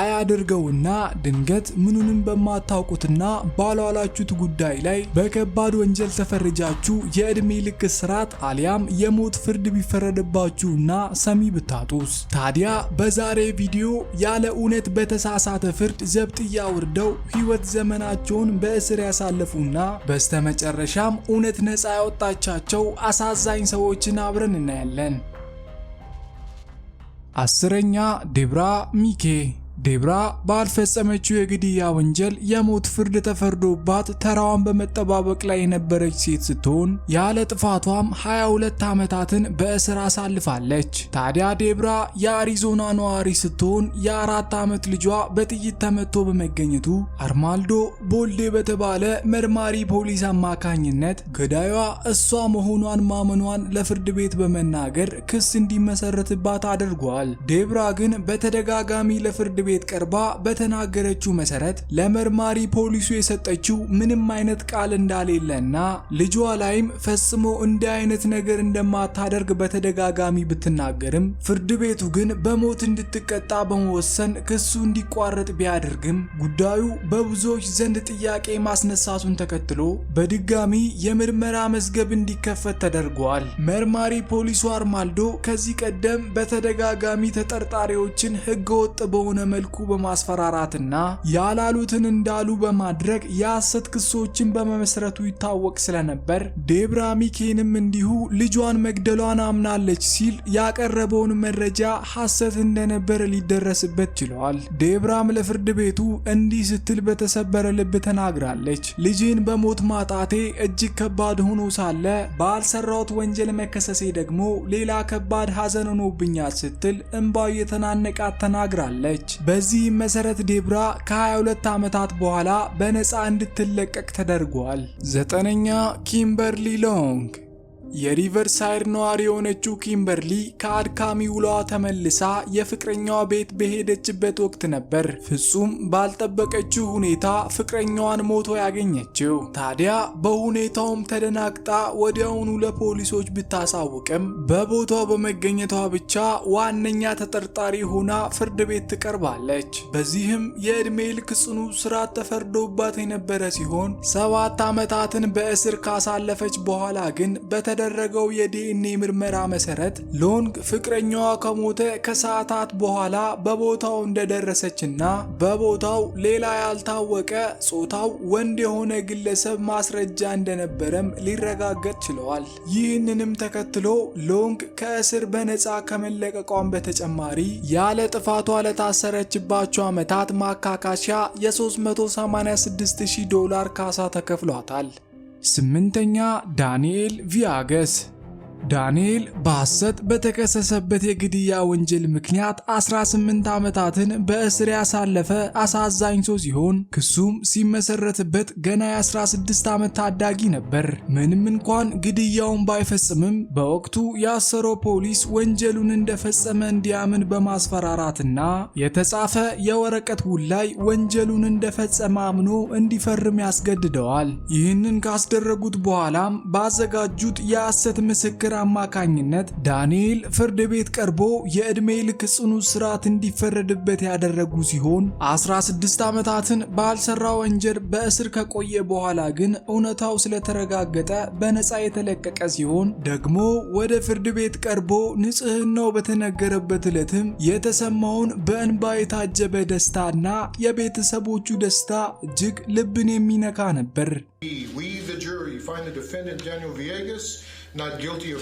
አያድርገውና ድንገት ምኑንም በማታውቁትና ባሏላችሁት ጉዳይ ላይ በከባድ ወንጀል ተፈርጃችሁ የእድሜ ልክ ስርዓት አሊያም የሞት ፍርድ ቢፈረድባችሁና ሰሚ ብታጡስ? ታዲያ በዛሬ ቪዲዮ ያለ እውነት በተሳሳተ ፍርድ ዘብጥ ውርደው ሕይወት ዘመናቸውን በእስር ያሳለፉና በስተመጨረሻም እውነት ነፃ ያወጣቻቸው አሳዛኝ ሰዎችን አብረን እናያለን። አስረኛ ዴብራ ሚኬ ዴብራ ባልፈጸመችው የግድያ ወንጀል የሞት ፍርድ ተፈርዶባት ተራዋን በመጠባበቅ ላይ የነበረች ሴት ስትሆን ያለ ጥፋቷም 22 ዓመታትን በእስር አሳልፋለች። ታዲያ ዴብራ የአሪዞና ነዋሪ ስትሆን የአራት ዓመት ልጇ በጥይት ተመቶ በመገኘቱ አርማልዶ ቦልዴ በተባለ መርማሪ ፖሊስ አማካኝነት ገዳዩዋ እሷ መሆኗን ማመኗን ለፍርድ ቤት በመናገር ክስ እንዲመሰረትባት አድርጓል። ዴብራ ግን በተደጋጋሚ ለፍርድ ቤት ቤት ቀርባ በተናገረችው መሰረት ለመርማሪ ፖሊሱ የሰጠችው ምንም አይነት ቃል እንዳሌለና ልጇ ላይም ፈጽሞ እንዲህ አይነት ነገር እንደማታደርግ በተደጋጋሚ ብትናገርም ፍርድ ቤቱ ግን በሞት እንድትቀጣ በመወሰን ክሱ እንዲቋረጥ ቢያደርግም ጉዳዩ በብዙዎች ዘንድ ጥያቄ ማስነሳቱን ተከትሎ በድጋሚ የምርመራ መዝገብ እንዲከፈት ተደርጓል። መርማሪ ፖሊሱ አርማልዶ ከዚህ ቀደም በተደጋጋሚ ተጠርጣሪዎችን ህገወጥ በሆነ መልኩ በማስፈራራትና ያላሉትን እንዳሉ በማድረግ የሐሰት ክሶችን በመመስረቱ ይታወቅ ስለነበር ዴብራ ሚኬንም እንዲሁ ልጇን መግደሏን አምናለች ሲል ያቀረበውን መረጃ ሐሰት እንደነበር ሊደረስበት ችለዋል። ዴብራም ለፍርድ ቤቱ እንዲህ ስትል በተሰበረ ልብ ተናግራለች። ልጄን በሞት ማጣቴ እጅግ ከባድ ሆኖ ሳለ ባልሰራሁት ወንጀል መከሰሴ ደግሞ ሌላ ከባድ ሐዘን ሆኖብኛል ስትል እንባ የተናነቃት ተናግራለች። በዚህም መሰረት ዴብራ ከ22 ዓመታት በኋላ በነፃ እንድትለቀቅ ተደርጓል። ዘጠነኛ ኪምበርሊ ሎንግ የሪቨርሳይድ ነዋሪ የሆነችው ኪምበርሊ ከአድካሚ ውሏዋ ተመልሳ የፍቅረኛዋ ቤት በሄደችበት ወቅት ነበር ፍጹም ባልጠበቀችው ሁኔታ ፍቅረኛዋን ሞቶ ያገኘችው። ታዲያ በሁኔታውም ተደናግጣ ወዲያውኑ ለፖሊሶች ብታሳውቅም በቦታው በመገኘቷ ብቻ ዋነኛ ተጠርጣሪ ሆና ፍርድ ቤት ትቀርባለች። በዚህም የዕድሜ ልክ ጽኑ እስራት ተፈርዶባት የነበረ ሲሆን ሰባት ዓመታትን በእስር ካሳለፈች በኋላ ግን በተደ በተደረገው የዲኤንኤ ምርመራ መሰረት ሎንግ ፍቅረኛዋ ከሞተ ከሰዓታት በኋላ በቦታው እንደደረሰችና በቦታው ሌላ ያልታወቀ ጾታው ወንድ የሆነ ግለሰብ ማስረጃ እንደነበረም ሊረጋገጥ ችለዋል። ይህንንም ተከትሎ ሎንግ ከእስር በነፃ ከመለቀቋም በተጨማሪ ያለ ጥፋቷ ለታሰረችባቸው ዓመታት ማካካሻ የ386000 ዶላር ካሳ ተከፍሏታል። ስምንተኛ ዳንኤል ቪያገስ ዳንኤል በሐሰት በተከሰሰበት የግድያ ወንጀል ምክንያት 18 ዓመታትን በእስር ያሳለፈ አሳዛኝ ሰው ሲሆን ክሱም ሲመሰረትበት ገና የ16 ዓመት ታዳጊ ነበር። ምንም እንኳን ግድያውን ባይፈጽምም በወቅቱ ያሰረው ፖሊስ ወንጀሉን እንደፈጸመ እንዲያምን በማስፈራራትና የተጻፈ የወረቀት ውል ላይ ወንጀሉን እንደፈጸመ አምኖ እንዲፈርም ያስገድደዋል። ይህንን ካስደረጉት በኋላም ባዘጋጁት የሐሰት ምስክር ምስክር አማካኝነት ዳንኤል ፍርድ ቤት ቀርቦ የዕድሜ ልክ ጽኑ እስራት እንዲፈረድበት ያደረጉ ሲሆን 16 ዓመታትን ባልሰራ ወንጀል በእስር ከቆየ በኋላ ግን እውነታው ስለተረጋገጠ በነፃ የተለቀቀ ሲሆን ደግሞ ወደ ፍርድ ቤት ቀርቦ ንጽህናው በተነገረበት ዕለትም የተሰማውን በእንባ የታጀበ ደስታና የቤተሰቦቹ ደስታ እጅግ ልብን የሚነካ ነበር። We, the jury, find the defendant Daniel Villegas not guilty of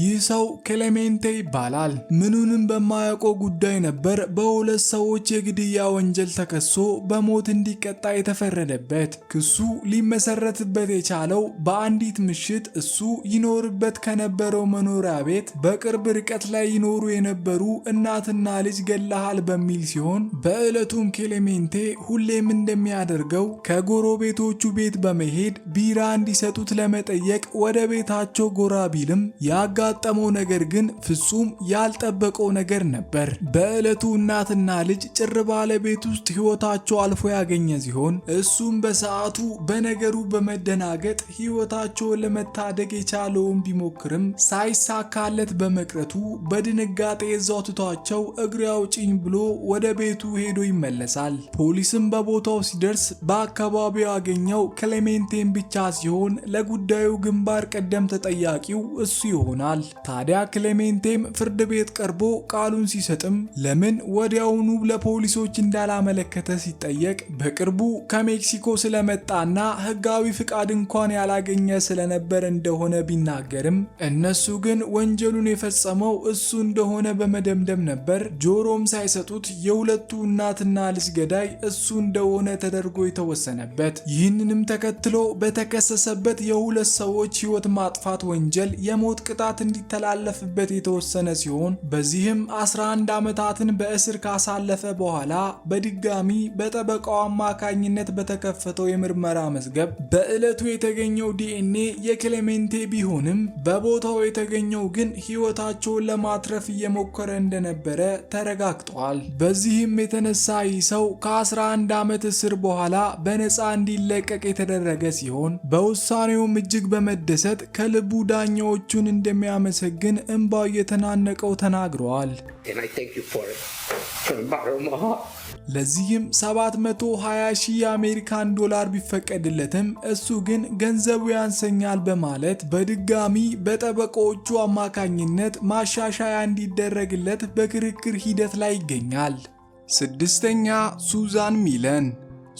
ይህ ሰው ክሌሜንቴ ይባላል። ምኑንም በማያውቀው ጉዳይ ነበር በሁለት ሰዎች የግድያ ወንጀል ተከሶ በሞት እንዲቀጣ የተፈረደበት። ክሱ ሊመሰረትበት የቻለው በአንዲት ምሽት እሱ ይኖርበት ከነበረው መኖሪያ ቤት በቅርብ ርቀት ላይ ይኖሩ የነበሩ እናትና ልጅ ገላሃል በሚል ሲሆን በዕለቱም ክሌሜንቴ ሁሌም እንደሚያደርገው ከጎረቤቶቹ ቤት በመሄድ ቢራ እንዲሰጡት ለመጠየቅ ወደ ቤታቸው ጎራ ቢልም ያጋ ያጋጠመው ነገር ግን ፍጹም ያልጠበቀው ነገር ነበር። በዕለቱ እናትና ልጅ ጭር ባለ ቤት ውስጥ ሕይወታቸው አልፎ ያገኘ ሲሆን እሱም በሰዓቱ በነገሩ በመደናገጥ ሕይወታቸውን ለመታደግ የቻለውን ቢሞክርም ሳይሳካለት በመቅረቱ በድንጋጤ እዛው ትቷቸው እግሬ አውጪኝ ብሎ ወደ ቤቱ ሄዶ ይመለሳል። ፖሊስም በቦታው ሲደርስ በአካባቢው ያገኘው ክሌሜንቴን ብቻ ሲሆን ለጉዳዩ ግንባር ቀደም ተጠያቂው እሱ ይሆናል። ይሆናል። ታዲያ ክሌሜንቴም ፍርድ ቤት ቀርቦ ቃሉን ሲሰጥም ለምን ወዲያውኑ ለፖሊሶች እንዳላመለከተ ሲጠየቅ በቅርቡ ከሜክሲኮ ስለመጣና ሕጋዊ ፍቃድ እንኳን ያላገኘ ስለነበር እንደሆነ ቢናገርም እነሱ ግን ወንጀሉን የፈጸመው እሱ እንደሆነ በመደምደም ነበር። ጆሮም ሳይሰጡት የሁለቱ እናትና ልጅ ገዳይ እሱ እንደሆነ ተደርጎ የተወሰነበት። ይህንንም ተከትሎ በተከሰሰበት የሁለት ሰዎች ሕይወት ማጥፋት ወንጀል የሞት ቅጣት እንዲተላለፍበት የተወሰነ ሲሆን በዚህም 11 ዓመታትን በእስር ካሳለፈ በኋላ በድጋሚ በጠበቃው አማካኝነት በተከፈተው የምርመራ መዝገብ በዕለቱ የተገኘው ዲኤንኤ የክሌሜንቴ ቢሆንም በቦታው የተገኘው ግን ሕይወታቸውን ለማትረፍ እየሞከረ እንደነበረ ተረጋግጧል። በዚህም የተነሳ ይህ ሰው ከ11 ዓመት እስር በኋላ በነፃ እንዲለቀቅ የተደረገ ሲሆን በውሳኔውም እጅግ በመደሰት ከልቡ ዳኛዎቹን እንደሚያ እንደሚያመሰግን እንባ እየተናነቀው ተናግረዋል። ለዚህም 720 ሺህ የአሜሪካን ዶላር ቢፈቀድለትም እሱ ግን ገንዘቡ ያንሰኛል በማለት በድጋሚ በጠበቃዎቹ አማካኝነት ማሻሻያ እንዲደረግለት በክርክር ሂደት ላይ ይገኛል። ስድስተኛ ሱዛን ሚለን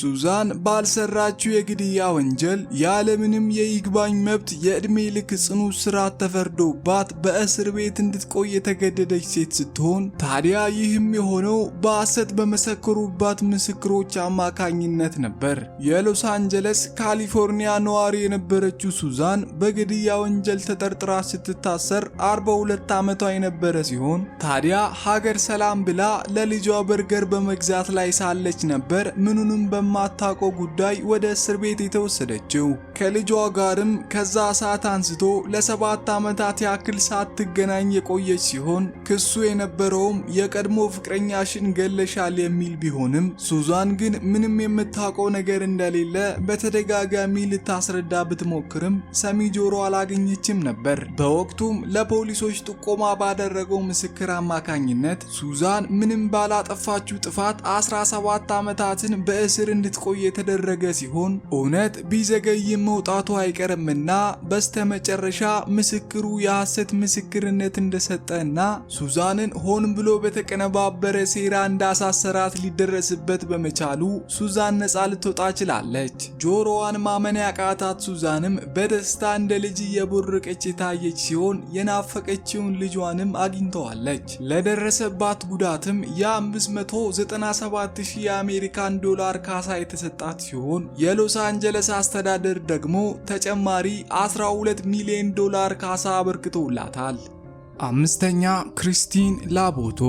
ሱዛን ባልሰራችው የግድያ ወንጀል ያለምንም የይግባኝ መብት የዕድሜ ልክ ጽኑ እስራት ተፈርዶባት በእስር ቤት እንድትቆይ የተገደደች ሴት ስትሆን ታዲያ ይህም የሆነው በሐሰት በመሰከሩባት ምስክሮች አማካኝነት ነበር። የሎስ አንጀለስ ካሊፎርኒያ ነዋሪ የነበረችው ሱዛን በግድያ ወንጀል ተጠርጥራ ስትታሰር 42 ዓመቷ የነበረ ሲሆን ታዲያ ሀገር ሰላም ብላ ለልጇ በርገር በመግዛት ላይ ሳለች ነበር ምኑንም በማታውቀው ጉዳይ ወደ እስር ቤት የተወሰደችው ከልጇ ጋርም ከዛ ሰዓት አንስቶ ለሰባት ዓመታት ያክል ሳትገናኝ የቆየች ሲሆን ክሱ የነበረውም የቀድሞ ፍቅረኛሽን ገለሻል የሚል ቢሆንም ሱዛን ግን ምንም የምታውቀው ነገር እንደሌለ በተደጋጋሚ ልታስረዳ ብትሞክርም ሰሚ ጆሮ አላገኘችም ነበር። በወቅቱም ለፖሊሶች ጥቆማ ባደረገው ምስክር አማካኝነት ሱዛን ምንም ባላጠፋችው ጥፋት 17 ዓመታትን በእስር ስር እንድትቆይ የተደረገ ሲሆን እውነት ቢዘገይም መውጣቱ አይቀርምና በስተመጨረሻ ምስክሩ የሐሰት ምስክርነት እንደሰጠና ሱዛንን ሆን ብሎ በተቀነባበረ ሴራ እንዳሳሰራት ሊደረስበት በመቻሉ ሱዛን ነፃ ልትወጣ ችላለች። ጆሮዋን ማመን ያቃታት ሱዛንም በደስታ እንደ ልጅ እየቦረቀች የታየች ሲሆን የናፈቀችውን ልጇንም አግኝተዋለች። ለደረሰባት ጉዳትም የ597 የአሜሪካን ዶላር ካሳ የተሰጣት ሲሆን የሎስ አንጀለስ አስተዳደር ደግሞ ተጨማሪ 12 ሚሊዮን ዶላር ካሳ አበርክቶላታል። አምስተኛ ክሪስቲን ላቦቶ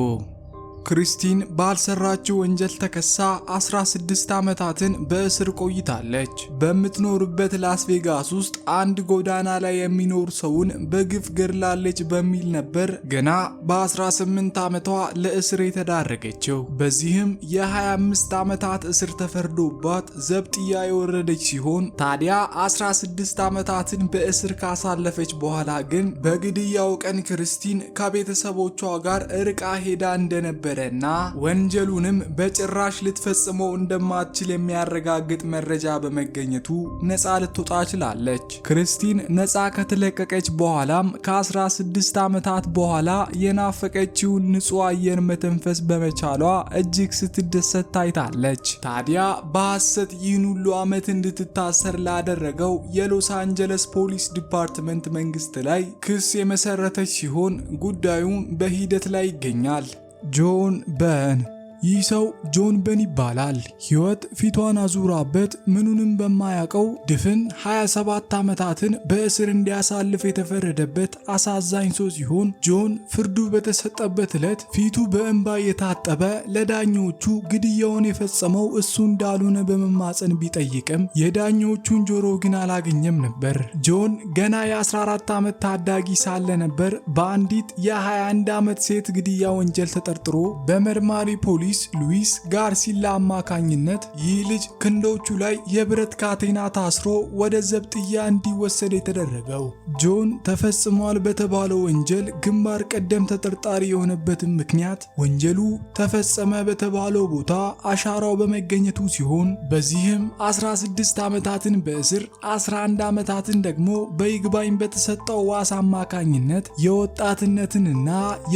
ክሪስቲን ባልሰራችው ወንጀል ተከሳ 16 ዓመታትን በእስር ቆይታለች። በምትኖርበት ላስ ቬጋስ ውስጥ አንድ ጎዳና ላይ የሚኖር ሰውን በግፍ ገድላለች በሚል ነበር ገና በ18 ዓመቷ ለእስር የተዳረገችው። በዚህም የ25 ዓመታት እስር ተፈርዶባት ዘብጥያ የወረደች ሲሆን ታዲያ 16 ዓመታትን በእስር ካሳለፈች በኋላ ግን በግድያው ቀን ክሪስቲን ከቤተሰቦቿ ጋር እርቃ ሄዳ እንደነበር የነበረና ወንጀሉንም በጭራሽ ልትፈጽመው እንደማትችል የሚያረጋግጥ መረጃ በመገኘቱ ነፃ ልትወጣ ችላለች። ክርስቲን ነፃ ከተለቀቀች በኋላም ከ16 ዓመታት በኋላ የናፈቀችውን ንጹህ አየር መተንፈስ በመቻሏ እጅግ ስትደሰት ታይታለች። ታዲያ በሐሰት ይህን ሁሉ ዓመት እንድትታሰር ላደረገው የሎስ አንጀለስ ፖሊስ ዲፓርትመንት መንግስት ላይ ክስ የመሰረተች ሲሆን ጉዳዩም በሂደት ላይ ይገኛል። John Byrne. ይህ ሰው ጆን በን ይባላል። ሕይወት ፊቷን አዙራበት ምኑንም በማያውቀው ድፍን 27 ዓመታትን በእስር እንዲያሳልፍ የተፈረደበት አሳዛኝ ሰው ሲሆን ጆን ፍርዱ በተሰጠበት ዕለት ፊቱ በእንባ የታጠበ ለዳኞቹ ግድያውን የፈጸመው እሱ እንዳልሆነ በመማፀን ቢጠይቅም የዳኞቹን ጆሮ ግን አላገኘም ነበር። ጆን ገና የ14 ዓመት ታዳጊ ሳለ ነበር በአንዲት የ21 ዓመት ሴት ግድያ ወንጀል ተጠርጥሮ በመርማሪ ፖሊስ ፖሊስ ሉዊስ ጋርሲላ አማካኝነት ይህ ልጅ ክንዶቹ ላይ የብረት ካቴና ታስሮ ወደ ዘብጥያ እንዲወሰድ የተደረገው ጆን ተፈጽሟል በተባለው ወንጀል ግንባር ቀደም ተጠርጣሪ የሆነበትን ምክንያት ወንጀሉ ተፈጸመ በተባለው ቦታ አሻራው በመገኘቱ ሲሆን በዚህም 16 ዓመታትን በእስር 11 ዓመታትን ደግሞ በይግባኝ በተሰጠው ዋስ አማካኝነት የወጣትነትንና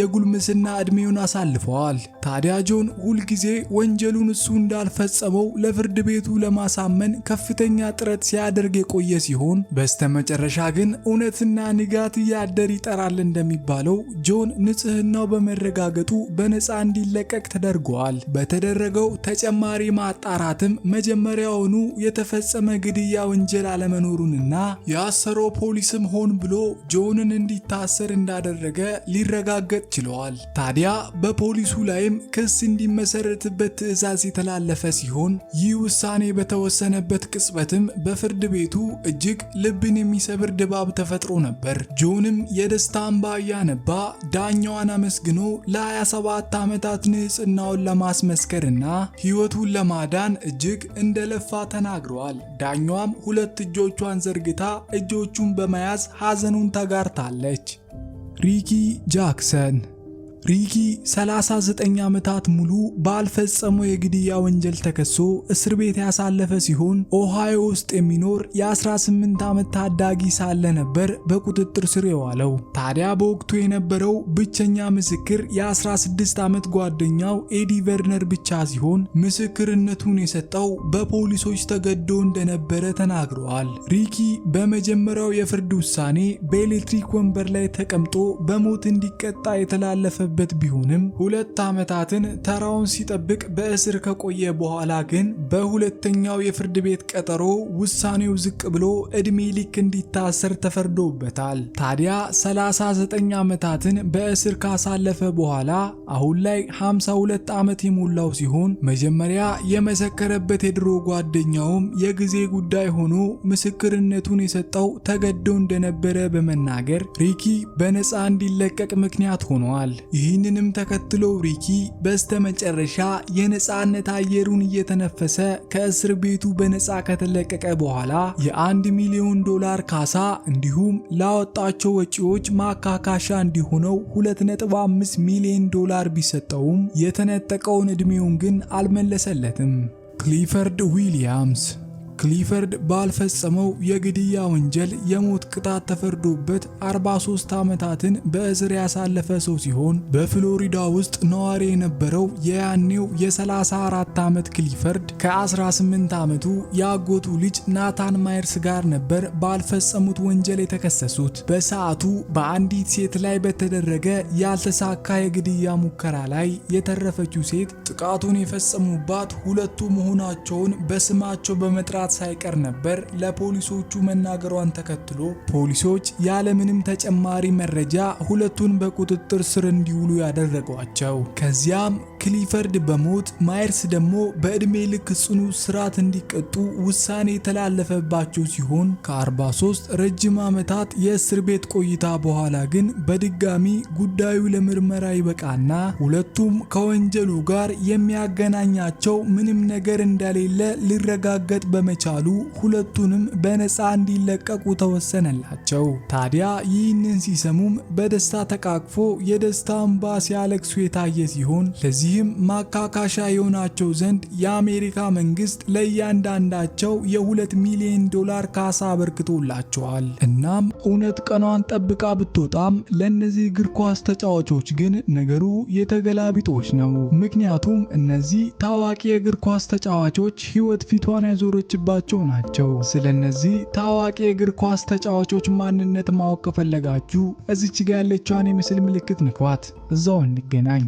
የጉልምስና ዕድሜውን አሳልፈዋል። ታዲያ ጆን ሁልጊዜ ወንጀሉን እሱ እንዳልፈጸመው ለፍርድ ቤቱ ለማሳመን ከፍተኛ ጥረት ሲያደርግ የቆየ ሲሆን በስተመጨረሻ ግን እውነትና ንጋት እያደር ይጠራል እንደሚባለው ጆን ንጽህናው በመረጋገጡ በነፃ እንዲለቀቅ ተደርጓል። በተደረገው ተጨማሪ ማጣራትም መጀመሪያውኑ የተፈጸመ ግድያ ወንጀል አለመኖሩንና የአሰሮ ፖሊስም ሆን ብሎ ጆንን እንዲታሰር እንዳደረገ ሊረጋገጥ ችለዋል። ታዲያ በፖሊሱ ላይም ክስ እንዲ እንዲመሰረትበት ትዕዛዝ የተላለፈ ሲሆን ይህ ውሳኔ በተወሰነበት ቅጽበትም በፍርድ ቤቱ እጅግ ልብን የሚሰብር ድባብ ተፈጥሮ ነበር። ጆንም የደስታ እንባ እያነባ ዳኛዋን አመስግኖ ለ27 ዓመታት ንጽህናውን ለማስመስከርና ሕይወቱን ለማዳን እጅግ እንደለፋ ተናግረዋል። ዳኛዋም ሁለት እጆቿን ዘርግታ እጆቹን በመያዝ ሐዘኑን ተጋርታለች። ሪኪ ጃክሰን ሪኪ 39 ዓመታት ሙሉ ባልፈጸመው የግድያ ወንጀል ተከሶ እስር ቤት ያሳለፈ ሲሆን ኦሃዮ ውስጥ የሚኖር የ18 ዓመት ታዳጊ ሳለ ነበር በቁጥጥር ስር የዋለው። ታዲያ በወቅቱ የነበረው ብቸኛ ምስክር የ16 ዓመት ጓደኛው ኤዲ ቨርነር ብቻ ሲሆን ምስክርነቱን የሰጠው በፖሊሶች ተገዶ እንደነበረ ተናግረዋል። ሪኪ በመጀመሪያው የፍርድ ውሳኔ በኤሌክትሪክ ወንበር ላይ ተቀምጦ በሞት እንዲቀጣ የተላለፈ የነበረበት ቢሆንም ሁለት ዓመታትን ተራውን ሲጠብቅ በእስር ከቆየ በኋላ ግን በሁለተኛው የፍርድ ቤት ቀጠሮ ውሳኔው ዝቅ ብሎ እድሜ ልክ እንዲታሰር ተፈርዶበታል። ታዲያ 39 ዓመታትን በእስር ካሳለፈ በኋላ አሁን ላይ 52 ዓመት የሞላው ሲሆን መጀመሪያ የመሰከረበት የድሮ ጓደኛውም የጊዜ ጉዳይ ሆኖ ምስክርነቱን የሰጠው ተገዶ እንደነበረ በመናገር ሪኪ በነፃ እንዲለቀቅ ምክንያት ሆኗል። ይህንንም ተከትሎ ሪኪ በስተመጨረሻ የነፃነት አየሩን እየተነፈሰ ከእስር ቤቱ በነፃ ከተለቀቀ በኋላ የአንድ ሚሊዮን ዶላር ካሳ እንዲሁም ላወጣቸው ወጪዎች ማካካሻ እንዲሆነው 2.5 ሚሊዮን ዶላር ቢሰጠውም የተነጠቀውን ዕድሜውን ግን አልመለሰለትም። ክሊፈርድ ዊሊያምስ ክሊፈርድ ባልፈጸመው የግድያ ወንጀል የሞት ቅጣት ተፈርዶበት 43 ዓመታትን በእስር ያሳለፈ ሰው ሲሆን በፍሎሪዳ ውስጥ ነዋሪ የነበረው የያኔው የ34 ዓመት ክሊፈርድ ከ18 ዓመቱ የአጎቱ ልጅ ናታን ማየርስ ጋር ነበር ባልፈጸሙት ወንጀል የተከሰሱት። በሰዓቱ በአንዲት ሴት ላይ በተደረገ ያልተሳካ የግድያ ሙከራ ላይ የተረፈችው ሴት ጥቃቱን የፈጸሙባት ሁለቱ መሆናቸውን በስማቸው በመጥራት ማጥፋት ሳይቀር ነበር ለፖሊሶቹ መናገሯን ተከትሎ ፖሊሶች ያለምንም ተጨማሪ መረጃ ሁለቱን በቁጥጥር ስር እንዲውሉ ያደረጓቸው። ከዚያም ክሊፈርድ በሞት ማየርስ ደግሞ በዕድሜ ልክ ጽኑ ስርዓት እንዲቀጡ ውሳኔ የተላለፈባቸው ሲሆን ከ43 ረጅም ዓመታት የእስር ቤት ቆይታ በኋላ ግን በድጋሚ ጉዳዩ ለምርመራ ይበቃና ሁለቱም ከወንጀሉ ጋር የሚያገናኛቸው ምንም ነገር እንደሌለ ሊረጋገጥ በመ ስለቻሉ ሁለቱንም በነፃ እንዲለቀቁ ተወሰነላቸው። ታዲያ ይህንን ሲሰሙም በደስታ ተቃቅፎ የደስታ እንባ ሲያለቅሱ የታየ ሲሆን ለዚህም ማካካሻ የሆናቸው ዘንድ የአሜሪካ መንግስት ለእያንዳንዳቸው የሁለት ሚሊዮን ዶላር ካሳ አበርክቶላቸዋል። እናም እውነት ቀኗን ጠብቃ ብትወጣም ለእነዚህ እግር ኳስ ተጫዋቾች ግን ነገሩ የተገላቢጦች ነው። ምክንያቱም እነዚህ ታዋቂ የእግር ኳስ ተጫዋቾች ህይወት ፊቷን ያዞረችባ ያሉባቸው ናቸው። ስለነዚህ ታዋቂ የእግር ኳስ ተጫዋቾች ማንነት ማወቅ ከፈለጋችሁ እዚች ጋ ያለችዋን የምስል ምልክት ንኳት። እዛው እንገናኝ።